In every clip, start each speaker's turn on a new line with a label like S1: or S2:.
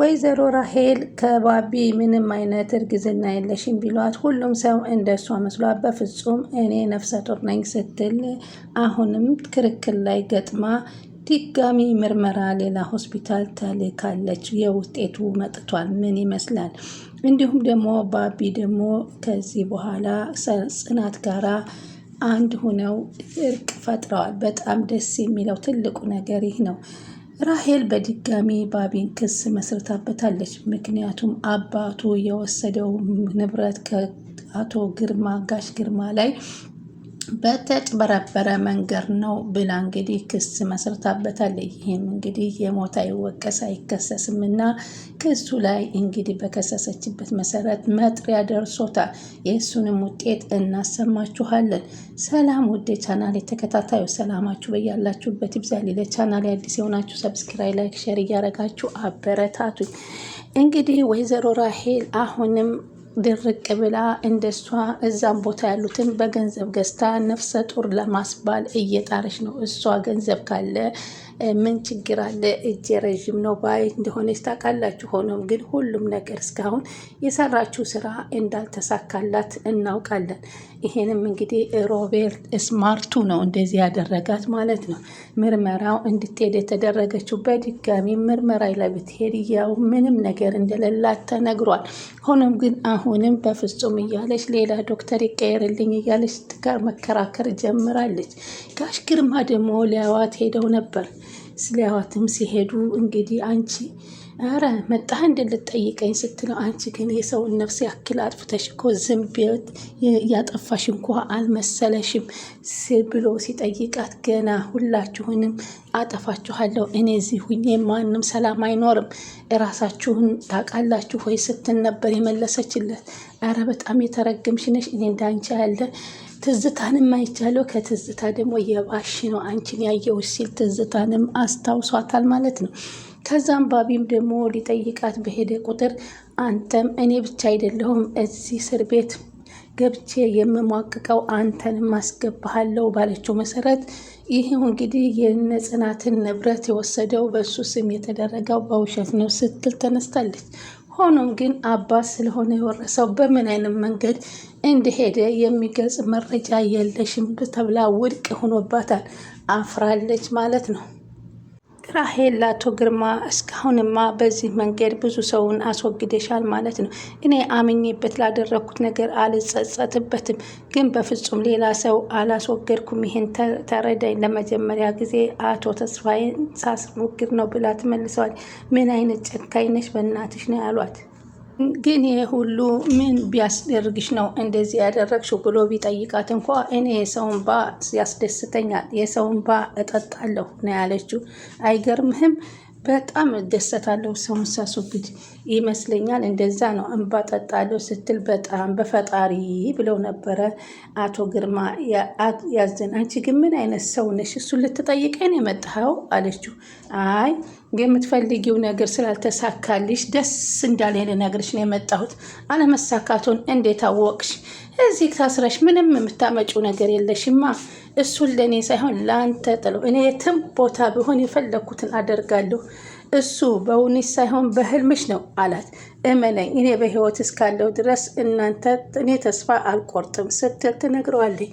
S1: ወይዘሮ ራሄል ከባቢ ምንም አይነት እርግዝና የለሽም ቢሏት ሁሉም ሰው እንደሷ መስሏት በፍጹም እኔ ነፍሰ ጡር ነኝ ስትል አሁንም ክርክር ላይ ገጥማ ድጋሚ ምርመራ ሌላ ሆስፒታል ተልካለች። የውጤቱ መጥቷል። ምን ይመስላል? እንዲሁም ደግሞ ባቢ ደግሞ ከዚህ በኋላ ጽናት ጋራ አንድ ሆነው እርቅ ፈጥረዋል። በጣም ደስ የሚለው ትልቁ ነገር ይህ ነው። ራሄል በድጋሚ ባቢን ክስ መስርታበታለች። ምክንያቱም አባቱ የወሰደው ንብረት ከአቶ ግርማ ጋሽ ግርማ ላይ በተጭበረበረ መንገድ ነው ብላ እንግዲህ ክስ መስርታበታለች። ይህም እንግዲህ የሞት አይወቀስ አይከሰስም እና ክሱ ላይ እንግዲህ በከሰሰችበት መሰረት መጥሪያ ደርሶታል። የእሱንም ውጤት እናሰማችኋለን። ሰላም ውዴ ቻናል የተከታታዩ ሰላማችሁ በያላችሁበት ይብዛል። ለቻናል አዲስ የሆናችሁ ሰብስክራይ፣ ላይክ፣ ሸር እያረጋችሁ አበረታቱኝ። እንግዲህ ወይዘሮ ራሄል አሁንም ድርቅ ብላ እንደሷ እዛም ቦታ ያሉትን በገንዘብ ገዝታ ነፍሰ ጡር ለማስባል እየጣረች ነው። እሷ ገንዘብ ካለ ምን ችግር አለ? እጄ ረዥም ነው ባይ እንደሆነች ታውቃላችሁ። ሆኖም ግን ሁሉም ነገር እስካሁን የሰራችው ስራ እንዳልተሳካላት እናውቃለን። ይሄንም እንግዲህ ሮቤርት ስማርቱ ነው እንደዚህ ያደረጋት ማለት ነው። ምርመራው እንድትሄድ የተደረገችው በድጋሚ ምርመራ ላይ ብትሄድ ያው ምንም ነገር እንደሌላት ተነግሯል። ሆኖም ግን አሁንም በፍጹም እያለች ሌላ ዶክተር ይቀየርልኝ እያለች ጋር መከራከር ጀምራለች። ጋሽ ግርማ ደግሞ ሊያዋት ሄደው ነበር። ስለ ሲሄዱ እንግዲህ አንቺ ኧረ መጣህ እንደ ልትጠይቀኝ ስትለው አንቺ ግን የሰውን ነፍስ ያክል አጥፍተሽ እኮ ዝም ቢያዩት ያጠፋሽ እንኳ አልመሰለሽም ብሎ ሲጠይቃት ገና ሁላችሁንም አጠፋችኋለሁ እኔ እዚህ ሁኜ ማንም ሰላም አይኖርም፣ እራሳችሁን ታውቃላችሁ ወይ ስትል ነበር የመለሰችለት። ኧረ በጣም የተረገምሽ ነሽ እኔ እንዳንቺ ያለ ትዝታንም አይቻለው። ከትዝታ ደግሞ የባሽ ነው አንቺን ያየው ሲል ትዝታንም አስታውሷታል ማለት ነው። ከዛም ባቢም ደግሞ ሊጠይቃት በሄደ ቁጥር አንተም እኔ ብቻ አይደለሁም እዚህ እስር ቤት ገብቼ የምሟቅቀው አንተንም አስገባሃለሁ ባለችው መሰረት ይህው እንግዲህ የነ ጽናትን ንብረት የወሰደው በእሱ ስም የተደረገው በውሸት ነው ስትል ተነስታለች። ሆኖም ግን አባት ስለሆነ የወረሰው በምን አይነት መንገድ እንደሄደ የሚገልጽ መረጃ የለሽም ተብላ ውድቅ ሆኖባታል። አፍራለች ማለት ነው። ራሄል ለአቶ ግርማ እስካሁንማ በዚህ መንገድ ብዙ ሰውን አስወግደሻል ማለት ነው። እኔ አምኜበት ላደረግኩት ነገር አልጸጸትበትም፣ ግን በፍጹም ሌላ ሰው አላስወገድኩም። ይህን ተረዳኝ። ለመጀመሪያ ጊዜ አቶ ተስፋዬን ሳስወግድ ነው ብላ ትመልሰዋል። ምን አይነት ጨካኝ ነሽ በእናትሽ ነው ያሏት። ግን ይሄ ሁሉ ምን ቢያስደርግሽ ነው እንደዚህ ያደረግሽው ብሎ ቢጠይቃት እንኳ እኔ የሰውን ባ ያስደስተኛል፣ የሰውን ባ እጠጣለሁ ነው ያለችው። አይገርምህም? በጣም እደሰታለሁ ሰውን ሳስወግድ ይመስለኛል እንደዛ ነው። እንባ ጠጣለሁ ስትል በጣም በፈጣሪ ብለው ነበረ አቶ ግርማ ያዘን። አንቺ ግን ምን አይነት ሰው ነሽ? እሱን ልትጠይቀን የመጣኸው አለችው። አይ የምትፈልጊው ነገር ስላልተሳካልሽ ደስ እንዳለ ልነግርሽ ነው የመጣሁት። አለመሳካቱን እንዴት አወቅሽ? እዚህ ታስረሽ ምንም የምታመጪው ነገር የለሽማ። እሱን ለእኔ ሳይሆን ለአንተ ጥለው እኔ የትም ቦታ ቢሆን የፈለግኩትን አደርጋለሁ እሱ በውኒ ሳይሆን በህልምሽ ነው አላት። እመነኝ እኔ በህይወት እስካለው ድረስ እናንተ እኔ ተስፋ አልቆርጥም ስትል ትነግረዋለች።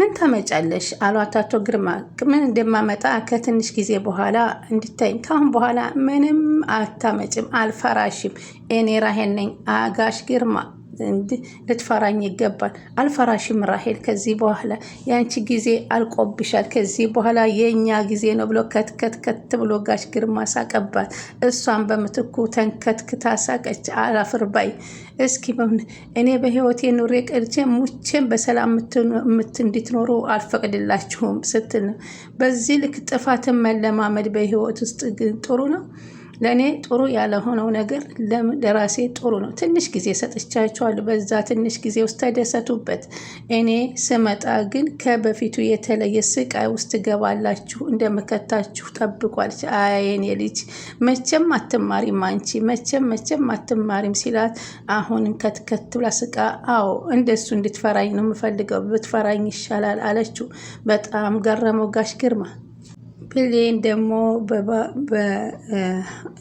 S1: ምን ታመጫለሽ አሏት አቶ ግርማ። ምን እንደማመጣ ከትንሽ ጊዜ በኋላ እንድታይኝ፣ ካሁን በኋላ ምንም አታመጭም፣ አልፈራሽም። እኔ ራሄል ነኝ አጋሽ ግርማ ልትፈራኝ ይገባል። አልፈራሽም ራሄል፣ ከዚህ በኋላ የአንቺ ጊዜ አልቆብሻል። ከዚህ በኋላ የእኛ ጊዜ ነው ብሎ ከትከትከት ብሎ ጋሽ ግርማ ሳቀባት። እሷን በምትኩ ተንከትክታ ሳቀች። አላፍርባይ እስኪ እኔ በህይወቴ ኑሬ ቀርቼ ሙቼም በሰላም እንድትኖሩ አልፈቅድላችሁም ስትል ነው። በዚህ ልክ ጥፋትን መለማመድ በህይወት ውስጥ ግን ጥሩ ነው። ለእኔ ጥሩ ያለሆነው ነገር ለራሴ ጥሩ ነው። ትንሽ ጊዜ ሰጥቻችኋለሁ። በዛ ትንሽ ጊዜ ውስጥ ተደሰቱበት። እኔ ስመጣ ግን ከበፊቱ የተለየ ስቃይ ውስጥ ገባላችሁ እንደምከታችሁ ጠብቋል። አይኔ ልጅ መቼም አትማሪም፣ አንቺ መቼም መቼም አትማሪም ሲላት፣ አሁንም ከትከት ብላ ስቃ፣ አዎ እንደሱ እንድትፈራኝ ነው የምፈልገው፣ ብትፈራኝ ይሻላል አለችው። በጣም ገረመው ጋሽ ግርማ። ብሌን ደግሞ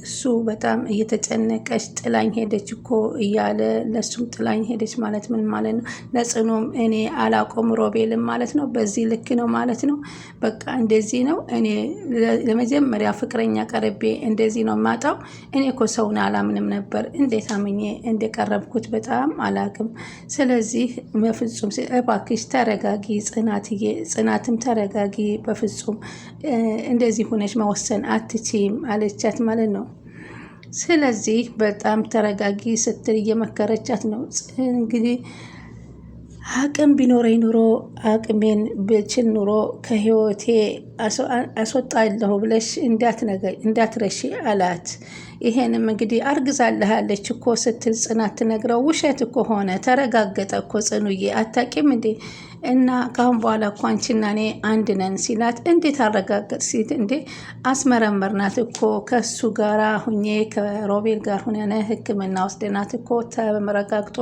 S1: እሱ በጣም እየተጨነቀች ጥላኝ ሄደች እኮ እያለ ለሱም ጥላኝ ሄደች ማለት ምን ማለት ነው? ለጽኑም እኔ አላቆም ሮቤልም ማለት ነው። በዚህ ልክ ነው ማለት ነው። በቃ እንደዚህ ነው። እኔ ለመጀመሪያ ፍቅረኛ ቀርቤ እንደዚህ ነው ማጣው። እኔ እኮ ሰውን አላምንም ነበር። እንዴት አምኜ እንደቀረብኩት በጣም አላቅም። ስለዚህ በፍጹም እባክሽ ተረጋጊ ጽናትዬ፣ ጽናትም ተረጋጊ በፍጹም እንደዚህ ሁነሽ መወሰን አትችም አለቻት ማለት ነው። ስለዚህ በጣም ተረጋጊ ስትል እየመከረቻት ነው። እንግዲህ አቅም ቢኖረኝ ኑሮ አቅሜን ብችል ኑሮ ከህይወቴ አስወጣለሁ ብለሽ እንዳትረሺ አላት። ይሄንም እንግዲህ አርግዛልሃለች እኮ ስትል ጽናት ትነግረው፣ ውሸት እኮ ሆነ ተረጋገጠ እኮ ጽኑዬ አታቂም እንዴ? እና ካሁን በኋላ እኮ አንቺና እኔ አንድ ነን ሲላት፣ እንዴት አረጋገጥ ሲት እንዴ አስመረመርናት እኮ ከሱ ጋራ ሁኜ ከሮቤል ጋር ሁነነ ሕክምና ወስደናት እኮ ተረጋግጦ፣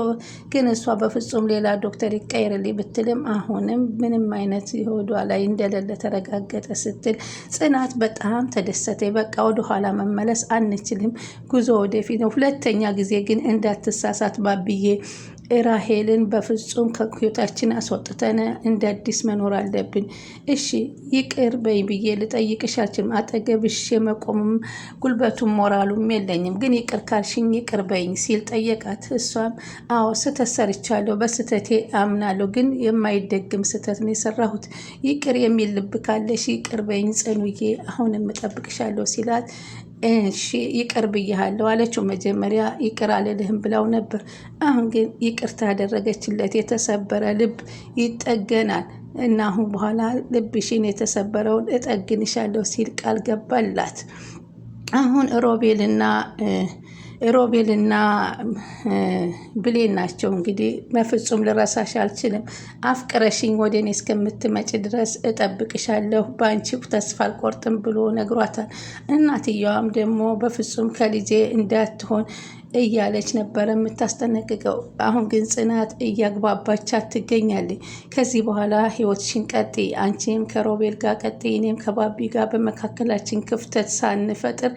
S1: ግን እሷ በፍጹም ሌላ ዶክተር ይቀይርልኝ ብትልም አሁንም ምንም አይነት ይሆዷ ላይ እንደሌለ ተረጋገጠ ተቋረጠ ስትል ጽናት በጣም ተደሰተ። በቃ ወደኋላ መመለስ አንችልም፣ ጉዞ ወደፊት ነው። ሁለተኛ ጊዜ ግን እንዳትሳሳት ባብዬ ራሄልን በፍጹም ከህይወታችን አስወጥተን እንደ አዲስ መኖር አለብን። እሺ ይቅር በይ ብዬ ልጠይቅሽ አልችልም። አጠገብሽ የመቆምም ጉልበቱም ሞራሉም የለኝም፣ ግን ይቅር ካልሽኝ ይቅር በይኝ ሲል ጠየቃት። እሷም አዎ ስህተት ሰርቻለሁ፣ በስህተቴ አምናለሁ፣ ግን የማይደግም ስህተት ነው የሰራሁት። ይቅር የሚል ልብ ካለሽ ይቅር በይኝ ጽኑዬ፣ አሁንም እምጠብቅሻለሁ ሲላት እሺ ይቅር ብያሃለሁ አለችው። መጀመሪያ ይቅር አልልህም ብላው ነበር። አሁን ግን ይቅር ያደረገችለት የተሰበረ ልብ ይጠገናል እና አሁን በኋላ ልብሽን የተሰበረውን እጠግንሻለሁ ሲል ቃል ገባላት። አሁን ሮቤልና ሮቤልና ብሌን ናቸው። እንግዲህ በፍጹም ልረሳሽ አልችልም። አፍቅረሽኝ ወደ እኔ ድረስ እጠብቅሻለሁ፣ በአንቺ ተስፋ አልቆርጥም ብሎ ነግሯታል። እናትየዋም ደግሞ በፍጹም ከልጄ እንዳትሆን እያለች ነበረ የምታስጠነቅቀው። አሁን ግን ጽናት እያግባባቻት ትገኛለች። ከዚህ በኋላ ህይወትሽን ቀጥይ፣ አንቺም ከሮቤል ጋር ቀጥይ፣ እኔም ከባቢ ጋር በመካከላችን ክፍተት ሳንፈጥር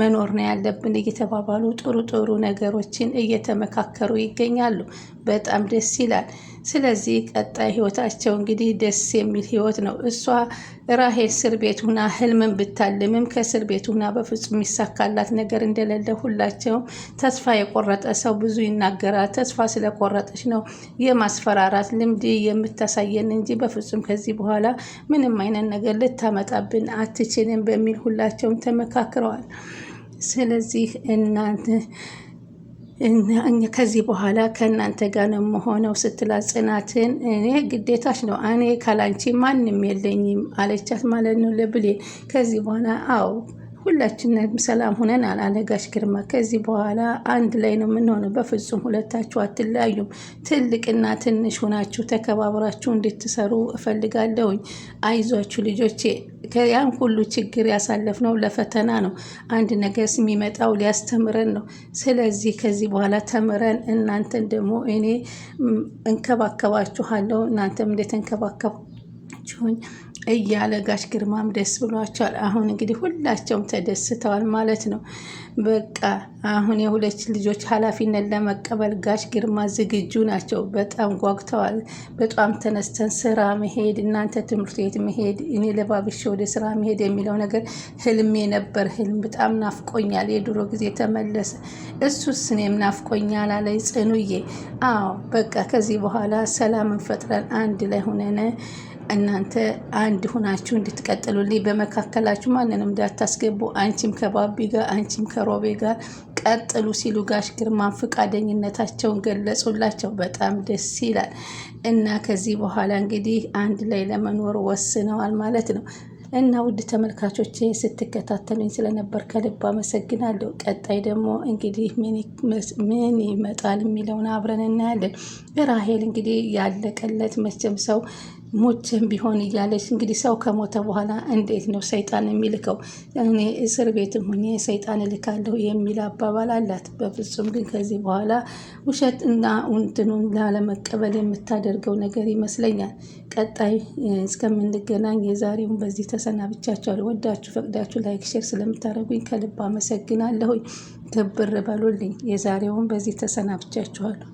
S1: መኖር ነው ያለብን እየተባባሉ ጥሩ ጥሩ ነገሮችን እየተመካከሩ ይገኛሉ። በጣም ደስ ይላል። ስለዚህ ቀጣይ ህይወታቸው እንግዲህ ደስ የሚል ህይወት ነው። እሷ ራሄል እስር ቤት ሁና ህልምን ብታልምም ከእስር ቤት ሁና በፍጹም የሚሳካላት ነገር እንደሌለ ሁላቸውም ተስፋ የቆረጠ ሰው ብዙ ይናገራል። ተስፋ ስለቆረጠች ነው የማስፈራራት ልምድ የምታሳየን እንጂ በፍጹም ከዚህ በኋላ ምንም አይነት ነገር ልታመጣብን አትችልም በሚል ሁላቸውም ተመካክረዋል። ስለዚህ እናንተ ከዚህ በኋላ ከእናንተ ጋር ነው መሆነው ስትላት ጽናትን እኔ ግዴታሽ ነው እኔ ካላንቺ ማንም የለኝም አለቻት ማለት ነው ለብሌን ከዚህ በኋላ አው። ሁላችንም ሰላም ሁነን አላለጋሽ ግርማ። ከዚህ በኋላ አንድ ላይ ነው የምንሆነው። በፍጹም ሁለታችሁ አትለያዩም። ትልቅና ትንሽ ሁናችሁ ተከባብራችሁ እንድትሰሩ እፈልጋለሁኝ። አይዟችሁ ልጆቼ። ያን ሁሉ ችግር ያሳለፍነው ለፈተና ነው። አንድ ነገር የሚመጣው ሊያስተምረን ነው። ስለዚህ ከዚህ በኋላ ተምረን እናንተን ደግሞ እኔ እንከባከባችኋለሁ እናንተም እንዴት እንከባከባችሁኝ እያለ ጋሽ ግርማም ደስ ብሏቸዋል። አሁን እንግዲህ ሁላቸውም ተደስተዋል ማለት ነው። በቃ አሁን የሁለት ልጆች ኃላፊነት ለመቀበል ጋሽ ግርማ ዝግጁ ናቸው። በጣም ጓጉተዋል። በጣም ተነስተን ስራ መሄድ፣ እናንተ ትምህርት ቤት መሄድ፣ እኔ ለባብሼ ወደ ስራ መሄድ የሚለው ነገር ህልሜ ነበር። ህልም በጣም ናፍቆኛል። የድሮ ጊዜ ተመለሰ። እሱስ እኔም ናፍቆኛል አለ ጽኑዬ። አዎ በቃ ከዚህ በኋላ ሰላምን አንድ ላይ ሆነን እናንተ አንድ ሁናችሁ እንድትቀጥሉልኝ በመካከላችሁ ማንንም እንዳታስገቡ፣ አንቺም ከባቢ ጋር አንቺም ከሮቤ ጋር ቀጥሉ ሲሉ ጋሽ ግርማን ፈቃደኝነታቸውን ገለጹላቸው። በጣም ደስ ይላል እና ከዚህ በኋላ እንግዲህ አንድ ላይ ለመኖር ወስነዋል ማለት ነው። እና ውድ ተመልካቾች ስትከታተሉኝ ስለነበር ከልብ አመሰግናለሁ። ቀጣይ ደግሞ እንግዲህ ምን ይመጣል የሚለውን አብረን እናያለን። ራሄል እንግዲህ ያለቀለት መቼም ሰው ሞትም ቢሆን እያለች እንግዲህ ሰው ከሞተ በኋላ እንዴት ነው ሰይጣን የሚልከው? እኔ እስር ቤትም ሆኜ ሰይጣን እልካለሁ የሚል አባባል አላት። በፍጹም ግን ከዚህ በኋላ ውሸት እና ውንትኑን ላለመቀበል የምታደርገው ነገር ይመስለኛል። ቀጣይ እስከምንገናኝ የዛሬውን በዚህ ተሰናብቻቸዋል። ወዳችሁ ፈቅዳችሁ ላይክ፣ ሼር ስለምታደርጉኝ ከልብ አመሰግናለሁኝ። ክብር በሉልኝ። የዛሬውን በዚህ ተሰናብቻችኋለሁ።